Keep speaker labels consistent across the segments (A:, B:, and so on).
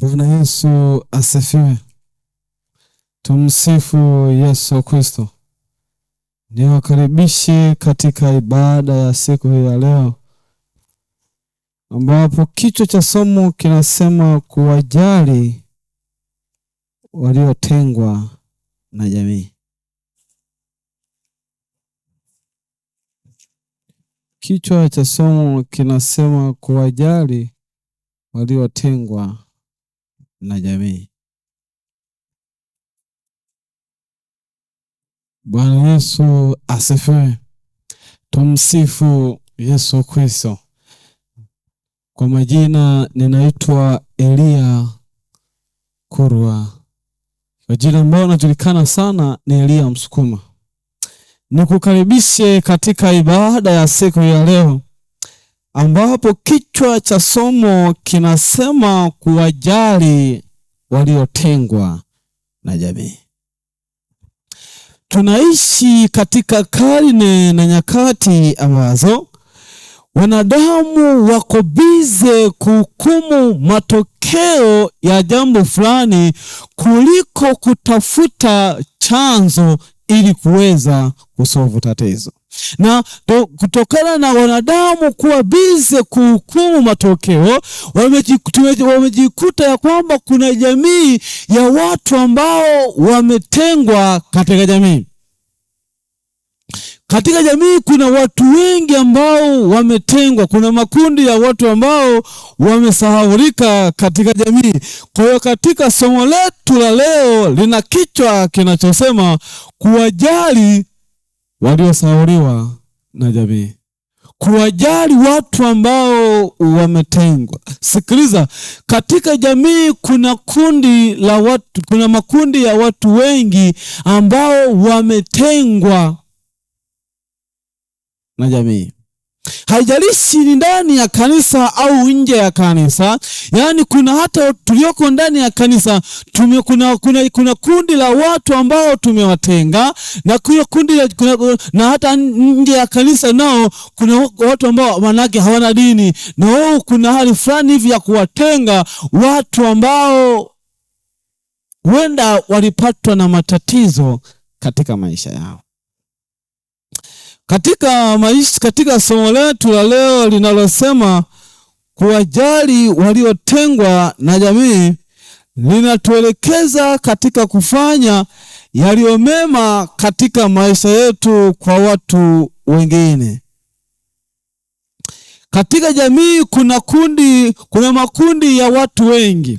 A: Bwana Yesu asifiwe. Tumsifu Yesu Kristo. Niwakaribishe katika ibada ya siku hii ya leo, ambapo kichwa cha somo kinasema kuwajali waliotengwa na jamii. Kichwa cha somo kinasema kuwajali waliotengwa na jamii. Bwana Yesu asifiwe. Tumsifu Yesu Kristo. Kwa majina ninaitwa Elia Kurwa. Kwa jina ambalo najulikana sana ni Elia Msukuma. Nikukaribishe katika ibada ya siku ya leo ambapo kichwa cha somo kinasema kuwajali waliotengwa na jamii. Tunaishi katika karne na nyakati ambazo wanadamu wako bize kuhukumu matokeo ya jambo fulani kuliko kutafuta chanzo ili kuweza kusovu tatizo na do, kutokana na wanadamu kuwa bize kuhukumu matokeo, wamejikuta ya kwamba kuna jamii ya watu ambao wametengwa katika jamii. Katika jamii kuna watu wengi ambao wametengwa, kuna makundi ya watu ambao wamesahaulika katika jamii. Kwa hiyo katika somo letu la leo lina kichwa kinachosema kuwajali waliosauliwa na jamii, kuwajali watu ambao wametengwa. Sikiliza, katika jamii kuna kundi la watu, kuna makundi ya watu wengi ambao wametengwa na jamii. Haijalishi ni ndani ya kanisa au nje ya kanisa, yaani kuna hata tulioko ndani ya kanisa tume, kuna, kuna, kuna kundi la watu ambao tumewatenga na kuna kundi la, kuna, na hata nje ya kanisa nao kuna watu ambao manake hawana dini na wao kuna hali fulani hivi ya kuwatenga watu ambao huenda walipatwa na matatizo katika maisha yao. Katika maisha, katika somo letu la leo linalosema kuwajali waliotengwa na jamii linatuelekeza katika kufanya yaliyo mema katika maisha yetu kwa watu wengine. Katika jamii kuna kundi, kuna makundi ya watu wengi.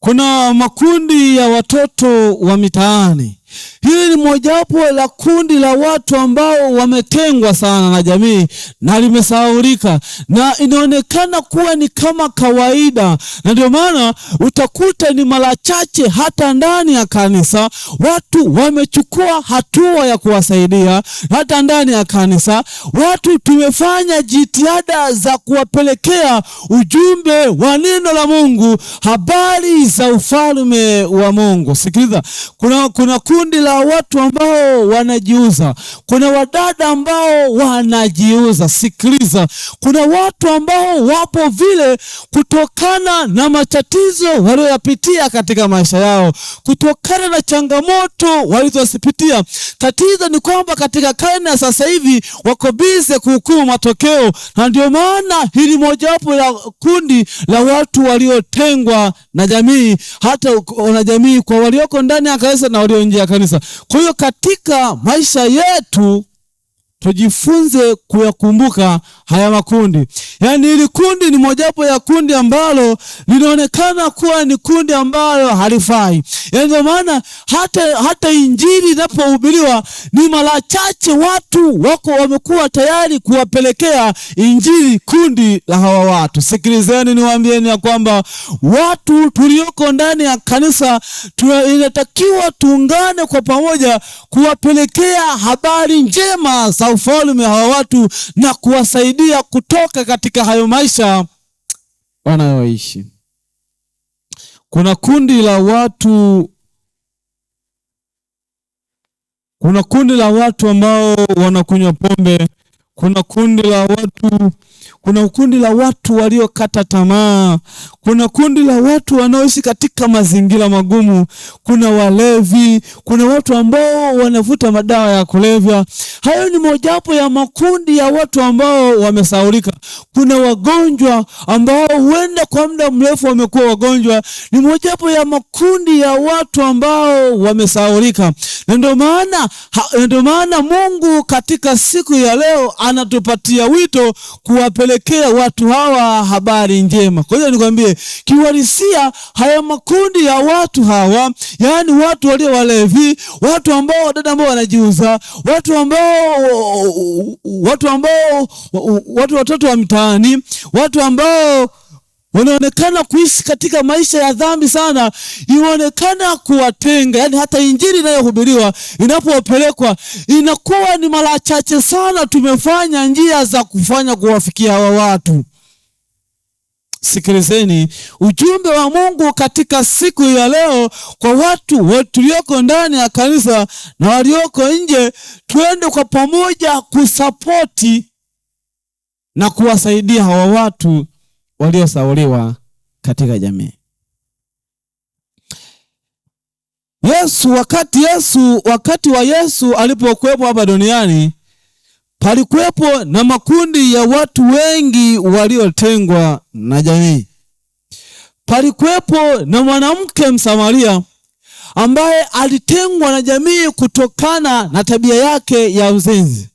A: Kuna makundi ya watoto wa mitaani, Hili ni mojawapo la kundi la watu ambao wametengwa sana na jamii na limesahaulika, na inaonekana kuwa ni kama kawaida, na ndio maana utakuta ni mara chache hata ndani ya kanisa watu wamechukua hatua ya kuwasaidia. Hata ndani ya kanisa watu tumefanya jitihada za kuwapelekea ujumbe wa neno la Mungu, habari za ufalme wa Mungu. Sikiliza, kuna, kuna kundi kundi la watu ambao wanajiuza. Kuna wadada ambao wanajiuza. Sikiliza, kuna watu ambao wapo vile kutokana na matatizo walioyapitia katika maisha yao, kutokana na changamoto walizozipitia. Tatizo ni kwamba katika karne ya sasa hivi wako bize kuhukumu matokeo, na ndio maana hili mojawapo la kundi la watu waliotengwa na jamii, hata wanajamii, kwa walioko ndani ya kanisa na walio nje kanisa. Kwa hiyo katika maisha yetu tujifunze kuyakumbuka haya makundi. Yaani, hili kundi ni mojawapo ya kundi ambalo linaonekana kuwa ni kundi ambalo halifai. Yaani ndio maana hata, hata injili inapohubiriwa ni mara chache watu wako wamekuwa tayari kuwapelekea injili kundi la hawa watu. Sikilizeni niwaambieni ya kwamba watu tulioko ndani ya kanisa inatakiwa tuungane kwa pamoja kuwapelekea habari njema za katika ufalme hawa watu na kuwasaidia kutoka katika hayo maisha wanayoishi. Kuna kundi la watu kuna kundi la watu ambao wanakunywa pombe, kuna kundi la watu kuna kundi la watu waliokata tamaa, kuna kundi la watu wanaoishi katika mazingira magumu, kuna walevi, kuna watu ambao wanavuta madawa ya kulevya. Hayo ni mojawapo ya makundi ya watu ambao wamesaulika. Kuna wagonjwa ambao huenda kwa muda mrefu wamekuwa wagonjwa, ni mojawapo ya makundi ya watu ambao wamesaulika. na ndio maana ndio maana Mungu katika siku ya leo anatupatia wito kuwapeleka kuwapelekea watu hawa habari njema. Kwa hiyo nikwambie, kiuhalisia haya makundi ya watu hawa, yaani watu walio walevi, watu ambao wadada ambao wanajiuza, watu ambao watu ambao watu watoto wa mtaani, watu ambao wanaonekana kuishi katika maisha ya dhambi sana, imeonekana kuwatenga. Yani hata injili inayohubiriwa inapopelekwa inakuwa ni mara chache sana. Tumefanya njia za kufanya kuwafikia hawa watu. Sikilizeni ujumbe wa Mungu katika siku ya leo kwa watu tulioko ndani ya kanisa na walioko nje, twende kwa pamoja kusapoti na kuwasaidia hawa watu waliosauliwa katika jamii. Yesu wakati Yesu wakati wa Yesu alipokuwepo hapa duniani palikuwepo na makundi ya watu wengi waliotengwa na jamii. Palikuwepo na mwanamke Msamaria ambaye alitengwa na jamii kutokana na tabia yake ya uzinzi.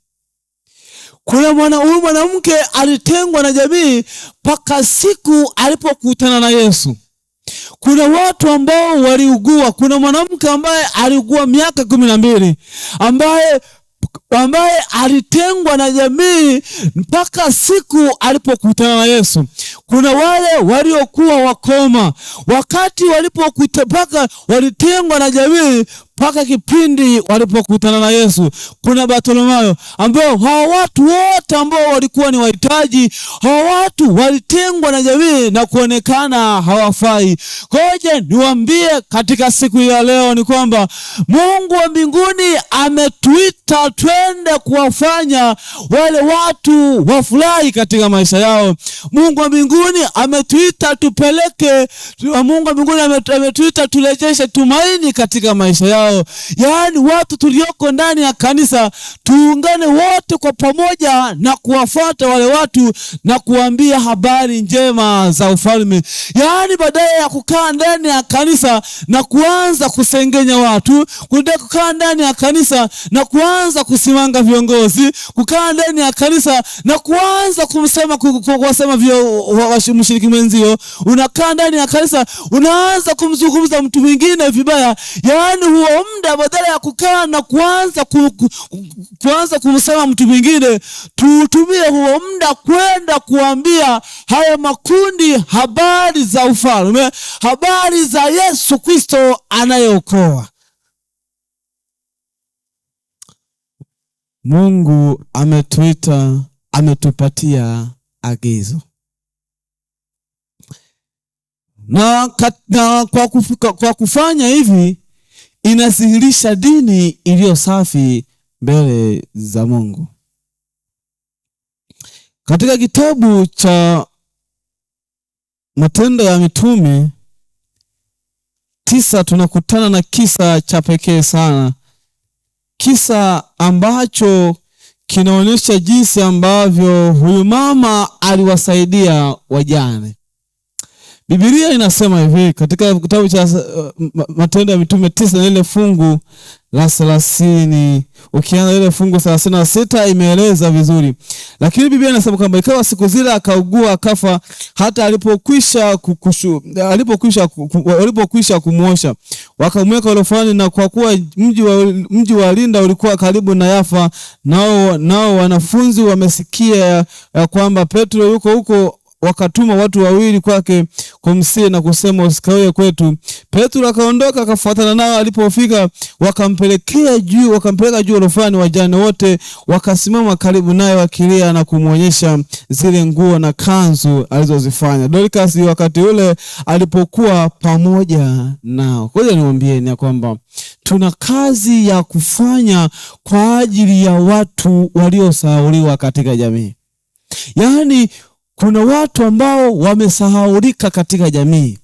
A: Kwa hiyo huyu mwanamke alitengwa na jamii mpaka siku alipokutana na Yesu. Kuna watu ambao waliugua. Kuna mwanamke ambaye aliugua miaka kumi na mbili ambaye ambaye alitengwa na jamii mpaka siku alipokutana na Yesu. Kuna wale waliokuwa wakoma wakati walipokutana, mpaka walitengwa na jamii mpaka kipindi walipokutana na Yesu. Kuna Bartholomayo, ambao hawa watu wote ambao walikuwa ni wahitaji, hawa watu walitengwa na jamii na kuonekana hawafai. Koje niwaambie katika siku ya leo ni kwamba Mungu wa mbinguni ametuita twende kuwafanya wale watu wafurahi katika maisha yao. Mungu wa mbinguni ametuita tupeleke, Mungu wa mbinguni ametuita turejeshe tumaini katika maisha yao yao Yaani watu tulioko ndani ya kanisa tuungane wote kwa pamoja na kuwafuata wale watu na kuambia habari njema za ufalme. Yaani baadaye ya kukaa ndani ya kanisa na kuanza kusengenya watu, kuenda kukaa ndani ya kanisa na kuanza kusimanga viongozi, kukaa ndani ya kanisa na kuanza kumsema kuwasema mshiriki mwenzio, unakaa ndani ya kanisa unaanza kumzungumza mtu mwingine vibaya, yaani huo huo muda, badala ya kukaa na kuanza ku, ku, kuanza kumsema mtu mwingine, tuutumie huo muda kwenda kuambia haya makundi habari za ufalme, habari za Yesu Kristo anayeokoa. Mungu ametuita, ametupatia agizo na, kat, na kwa, kuf, kwa kufanya hivi inadhihirisha dini iliyo safi mbele za Mungu. Katika kitabu cha Matendo ya Mitume tisa tunakutana na kisa cha pekee sana, kisa ambacho kinaonyesha jinsi ambavyo huyu mama aliwasaidia wajane. Biblia inasema hivi katika kitabu cha uh, Matendo ya Mitume tisa na ile fungu la thelathini, ukianza ile fungu thelathini na sita imeeleza vizuri, lakini Biblia inasema kwamba ikawa siku zile akaugua akafa, hata alipokwisha kukushu, alipokwisha alipokwisha kumwosha wakamweka orofani, na kwa kuwa mji wa, mji wa Linda ulikuwa karibu na Yafa, nao nao wanafunzi wamesikia ya kwamba Petro yuko huko wakatuma watu wawili kwake kumsihi na kusema, usikawie kwetu. Petro akaondoka akafuatana nao. Alipofika wakampelekea juu, wakampeleka juu orofani, wajane wote wakasimama karibu naye wakilia na kumwonyesha zile nguo na kanzu alizozifanya. Dorcas wakati ule alipokuwa pamoja nao. Koja niwambieni ya kwamba tuna kazi ya kufanya kwa ajili ya watu waliosahauliwa katika jamii, yaani kuna watu ambao wamesahaulika katika jamii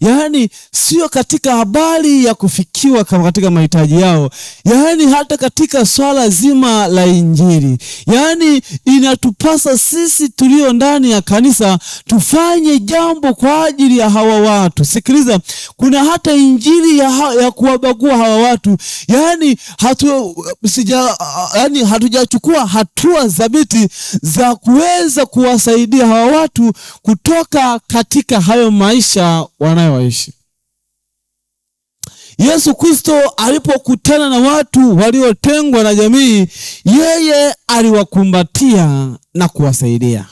A: yaani sio katika habari ya kufikiwa katika mahitaji yao, yaani hata katika swala zima la Injili. Yaani inatupasa sisi tulio ndani ya kanisa tufanye jambo kwa ajili ya hawa watu. Sikiliza, kuna hata Injili ya, ha ya kuwabagua hawa watu, yaani hatu, sija, yaani hatujachukua hatua thabiti za kuweza kuwasaidia hawa watu kutoka katika hayo maisha wanayo waishi. Yesu Kristo alipokutana na watu waliotengwa na jamii, yeye aliwakumbatia na kuwasaidia.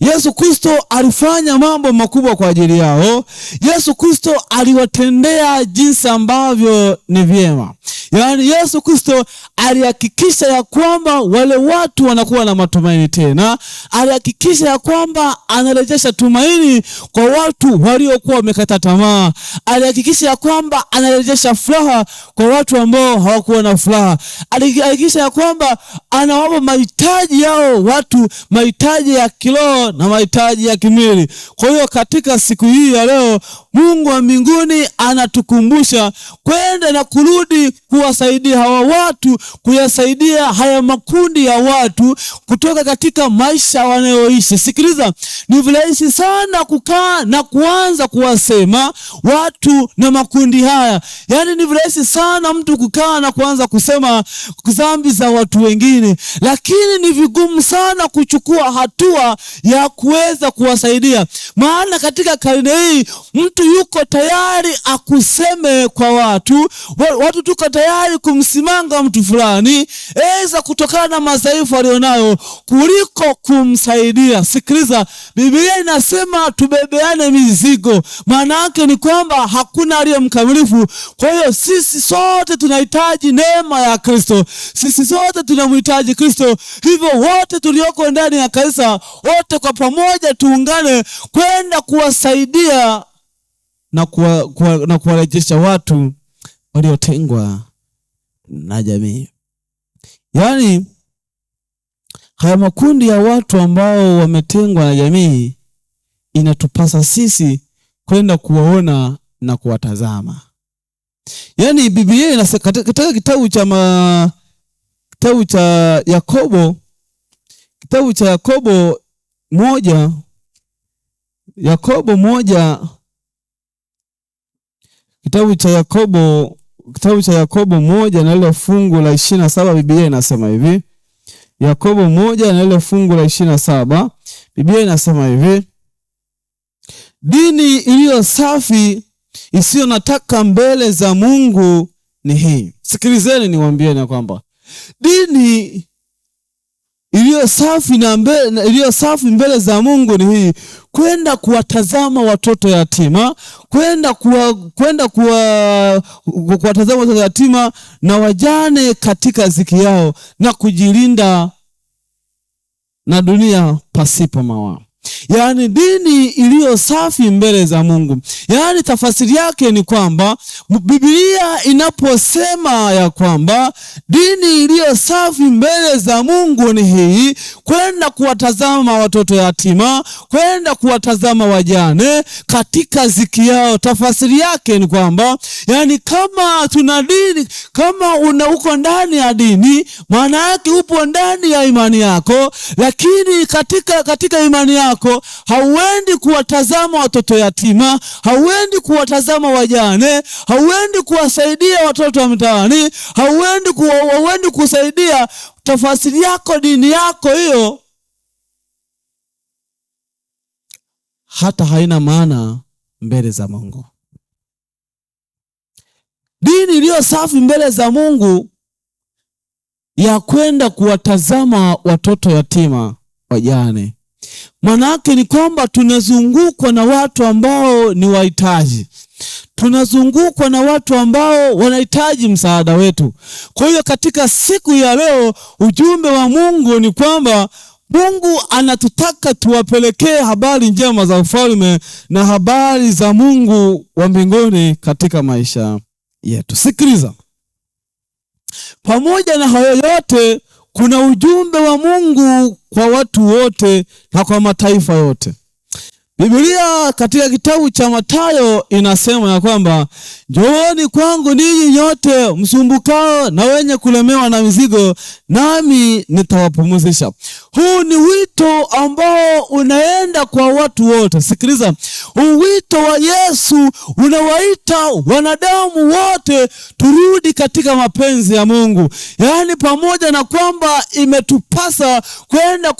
A: Yesu Kristo alifanya mambo makubwa kwa ajili yao. Yesu Kristo aliwatendea jinsi ambavyo ni vyema. Yaani Yesu Kristo alihakikisha ya kwamba wale watu wanakuwa na matumaini tena, alihakikisha ya kwamba anarejesha tumaini kwa watu waliokuwa wamekata tamaa, alihakikisha ya kwamba anarejesha furaha kwa watu ambao hawakuwa na furaha, alihakikisha ya kwamba anawapa mahitaji yao watu, mahitaji ya kiroho na mahitaji ya kimwili. Kwa hiyo katika siku hii ya leo, Mungu wa mbinguni anatukumbusha kwenda na kurudi ku kuwasaidia hawa watu, kuyasaidia haya makundi ya watu kutoka katika maisha wanayoishi. Sikiliza, ni virahisi sana kukaa na kuanza kuwasema watu na makundi haya, yaani ni virahisi sana mtu kukaa na kuanza kusema dhambi za watu wengine, lakini ni vigumu sana kuchukua hatua ya kuweza kuwasaidia, maana katika karne hii mtu yuko tayari akuseme kwa watu, watu tuko tayari tayari kumsimanga mtu fulani, eza kutokana na madhaifu alionayo kuliko kumsaidia. Sikiliza, Biblia inasema tubebeane mizigo. Maana yake ni kwamba hakuna aliye mkamilifu. Kwa hiyo sisi sote tunahitaji neema ya Kristo, sisi sote tunamhitaji Kristo. Hivyo wote tulioko ndani ya kanisa, wote kwa pamoja tuungane kwenda kuwasaidia na kuwarejesha kuwa, na kuwarejesha watu waliotengwa na jamii. Yaani haya makundi ya watu ambao wametengwa na jamii, inatupasa sisi kwenda kuwaona na kuwatazama. Yaani Biblia katika kitabu cha ma, kitabu cha Yakobo kitabu cha Yakobo moja Yakobo moja kitabu cha Yakobo kitabu cha Yakobo moja na ile fungu la ishirini na saba Biblia inasema hivi. Yakobo moja na ile fungu la ishirini na saba Biblia inasema hivi, dini iliyo safi isiyo nataka mbele za Mungu ni hii. Sikilizeni niwaambieni kwamba dini iliyo safi na mbele, iliyo safi mbele za Mungu ni hii kwenda kuwatazama watoto yatima, kwenda kuwa, kwenda kuwa kuwatazama watoto yatima na wajane katika ziki yao na kujilinda na dunia pasipo mawaa yaani dini iliyo safi mbele za Mungu. Yaani tafasiri yake ni kwamba Biblia inaposema ya kwamba dini iliyo safi mbele za Mungu ni hii, kwenda kuwatazama watoto yatima, kwenda kuwatazama wajane katika ziki yao. Tafasiri yake ni kwamba yaani, kama tuna dini, kama una uko ndani ya dini, maana yake upo ndani ya imani yako, lakini katika, katika imani yako yako, hauendi kuwatazama watoto yatima, hauendi kuwatazama wajane, hauendi kuwasaidia watoto wa mtaani, hauendi kuwa, hauendi kusaidia tafasiri yako, dini yako hiyo hata haina maana mbele za Mungu. Dini iliyo safi mbele za Mungu ya kwenda kuwatazama watoto yatima, wajane, Manake ni kwamba tunazungukwa na watu ambao ni wahitaji, tunazungukwa na watu ambao wanahitaji msaada wetu. Kwa hiyo katika siku ya leo, ujumbe wa Mungu ni kwamba Mungu anatutaka tuwapelekee habari njema za ufalme na habari za Mungu wa mbinguni katika maisha yetu. Sikiliza, pamoja na hayo yote kuna ujumbe wa Mungu kwa watu wote na kwa mataifa yote. Biblia katika kitabu cha Mathayo inasema ya kwamba njooni kwangu ninyi nyote msumbukao na wenye kulemewa na mizigo, nami nitawapumzisha. Huu ni wito ambao unaenda kwa watu wote. Sikiliza, huu wito wa Yesu unawaita wanadamu wote turudi katika mapenzi ya Mungu, yaani pamoja na kwamba imetupasa kwenda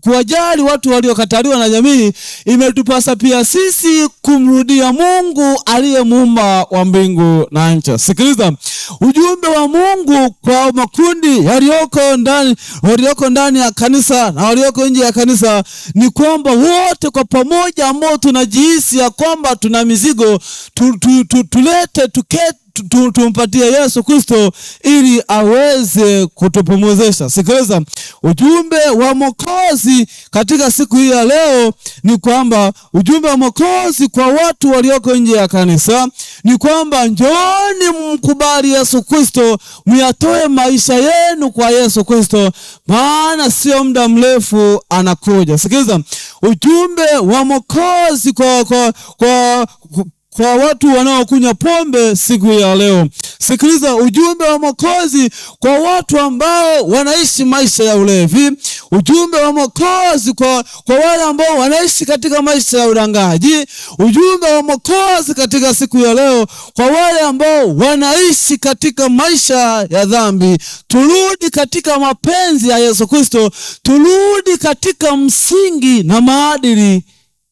A: kuwajali watu waliokataliwa na jamii, imetupasa pia sisi kumrudia Mungu aliye muumba wa mbingu na nchi. Sikiliza ujumbe wa Mungu kwa makundi yaliyoko ndani, walioko ndani ya kanisa na walioko nje ya kanisa, ni kwamba wote kwa pamoja ambao tunajihisi ya kwamba tuna mizigo tu, tu, tu, tulete tuket, tumpatie Yesu Kristo ili aweze kutupumuzisha. Sikiliza, ujumbe wa Mwokozi katika siku hii ya leo ni kwamba ujumbe wa Mwokozi kwa watu walioko nje ya kanisa ni kwamba njooni, mkubali Yesu Kristo, myatoe maisha yenu kwa Yesu Kristo, maana sio muda mrefu anakuja. Sikiliza, ujumbe wa Mwokozi kwa, kwa, kwa, kwa kwa watu wanaokunywa pombe siku ya leo. Sikiliza ujumbe wa Mwokozi kwa watu ambao wanaishi maisha ya ulevi, ujumbe wa Mwokozi kwa, kwa wale ambao wanaishi katika maisha ya udangaji, ujumbe wa Mwokozi katika siku ya leo kwa wale ambao wanaishi katika maisha ya dhambi. Turudi katika mapenzi ya Yesu Kristo, turudi katika msingi na maadili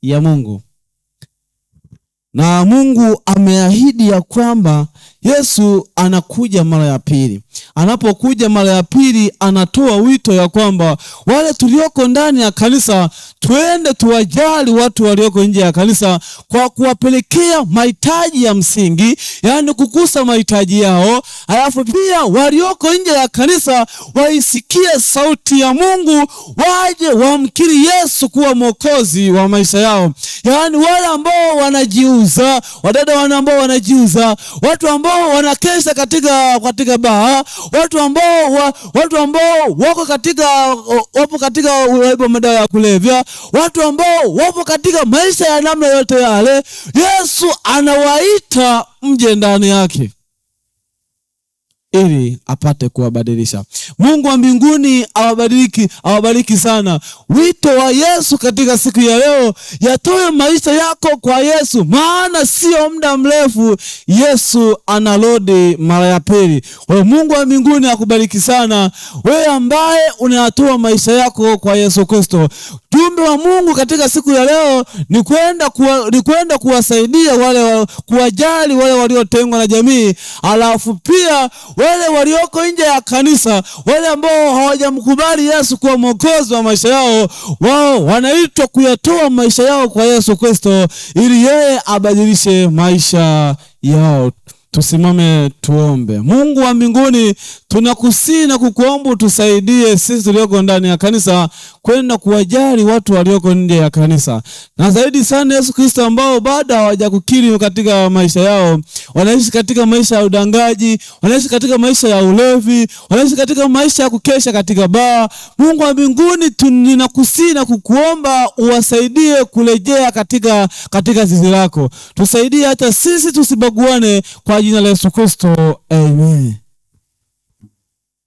A: ya Mungu na Mungu ameahidi ya kwamba Yesu anakuja mara ya pili. Anapokuja mara ya pili, anatoa wito ya kwamba wale tulioko ndani ya kanisa twende tuwajali watu walioko nje ya kanisa kwa kuwapelekea mahitaji ya msingi, yaani kukusa mahitaji yao, alafu pia walioko nje ya kanisa waisikie sauti ya Mungu, waje wamkiri Yesu kuwa mwokozi wa maisha yao, yaani wale ambao wanajiuza, wadada wana ambao wanajiuza, watu ambao ambao wanakesa katika katika baa, watu ambao wa, watu ambao wako katika wapo katika uraibu wa madawa ya kulevya, watu ambao wapo katika maisha ya namna yote yale, Yesu anawaita mje ndani yake ili apate kuwabadilisha. Mungu wa mbinguni awabariki, awabariki sana. Wito wa Yesu katika siku ya leo, yatoe maisha yako kwa Yesu, maana sio muda mrefu Yesu anarudi mara ya pili. Kwa Mungu wa mbinguni akubariki sana, wewe ambaye unayatoa maisha yako kwa Yesu Kristo. Jumbe wa Mungu katika siku ya leo ni kwenda kuwa, ni kwenda kuwasaidia wale, kuwajali wale waliotengwa na jamii, alafu pia wale walioko nje ya kanisa, wale ambao hawajamkubali Yesu kuwa mwokozi wa maisha yao, wao wanaitwa kuyatoa maisha yao kwa Yesu Kristo ili yeye abadilishe maisha yao. Tusimame tuombe. Mungu wa mbinguni, tunakusii na kukuomba utusaidie sisi tulioko ndani ya kanisa kwenda kuwajali watu walioko nje ya kanisa, na zaidi sana Yesu Kristo, ambao bado hawajakukiri katika maisha yao. Wanaishi katika maisha ya udangaji, wanaishi katika maisha ya ulevi, wanaishi katika maisha ya kukesha katika baa. Mungu wa mbinguni, tunakusii na kukuomba uwasaidie kurejea katika katika zizi lako. Tusaidie hata sisi tusibaguane kwa jina la Yesu Kristo, amen.